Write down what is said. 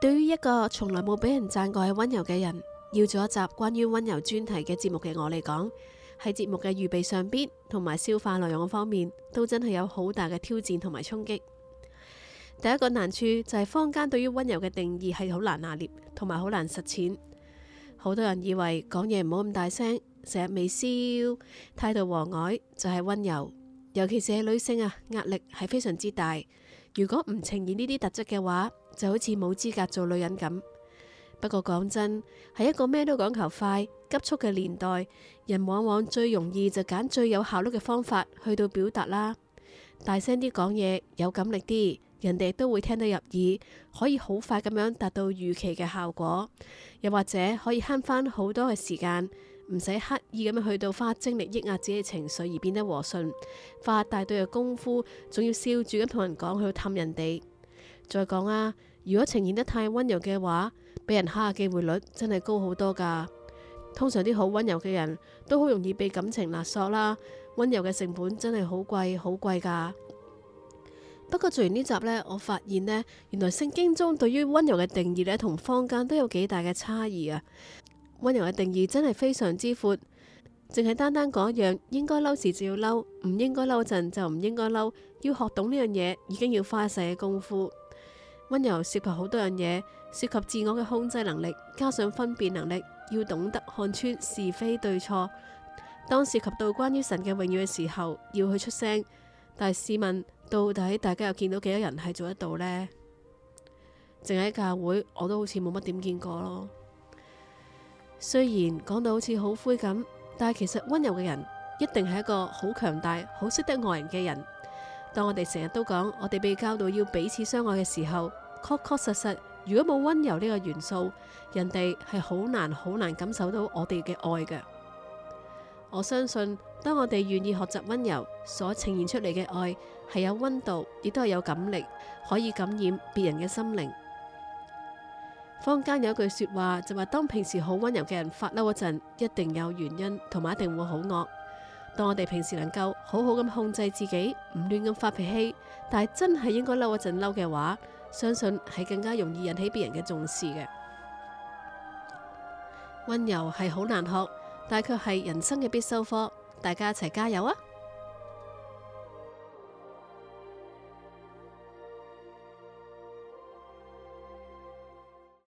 對於一個從來冇俾人讚過係溫柔嘅人，要做一集關於溫柔專題嘅節目嘅我嚟講，喺節目嘅預備上邊同埋消化內容方面，都真係有好大嘅挑戰同埋衝擊。第一個難處就係坊間對於溫柔嘅定義係好難拿捏，同埋好難實踐。好多人以為講嘢唔好咁大聲，成日微笑，態度和藹就係溫柔，尤其是係女性啊，壓力係非常之大。如果唔呈現呢啲特質嘅話，就好似冇資格做女人咁。不過講真，喺一個咩都講求快、急促嘅年代，人往往最容易就揀最有效率嘅方法去到表達啦。大聲啲講嘢，有感力啲，人哋都會聽得入耳，可以好快咁樣達到預期嘅效果，又或者可以慳翻好多嘅時間。唔使刻意咁樣去到花精力抑壓自己情緒而變得和順，花大堆嘅功夫，仲要笑住咁同人講去氹人哋。再講啊，如果呈現得太溫柔嘅話，俾人蝦嘅機會率真係高好多噶。通常啲好溫柔嘅人都好容易被感情勒索啦，溫柔嘅成本真係好貴好貴噶。不過做完呢集呢，我發現呢，原來聖經中對於溫柔嘅定義呢，同坊間都有幾大嘅差異啊。溫柔嘅定義真係非常之闊，淨係單單一樣，應該嬲時就要嬲，唔應該嬲陣就唔應該嬲，要學懂呢樣嘢已經要花一世嘅功夫。溫柔涉及好多樣嘢，涉及自我嘅控制能力，加上分辨能力，要懂得看穿是非對錯。當涉及到關於神嘅榮耀嘅時候，要去出聲。但係試問，到底大家又見到幾多人係做得到呢？淨喺教會，我都好似冇乜點見過咯。雖然講到好似好灰咁，但係其實溫柔嘅人一定係一個好強大、好識得愛人嘅人。當我哋成日都講我哋被教導要彼此相愛嘅時候，確確實實，如果冇溫柔呢個元素，人哋係好難、好難感受到我哋嘅愛嘅。我相信，當我哋願意學習溫柔，所呈現出嚟嘅愛係有溫度，亦都係有感力，可以感染別人嘅心靈。坊間有句說話就話，當平時好溫柔嘅人發嬲嗰陣，一定有原因，同埋一定會好惡。當我哋平時能夠好好咁控制自己，唔亂咁發脾氣，但係真係應該嬲嗰陣嬲嘅話，相信係更加容易引起別人嘅重視嘅。溫柔係好難學，但卻係人生嘅必修科。大家一齊加油啊！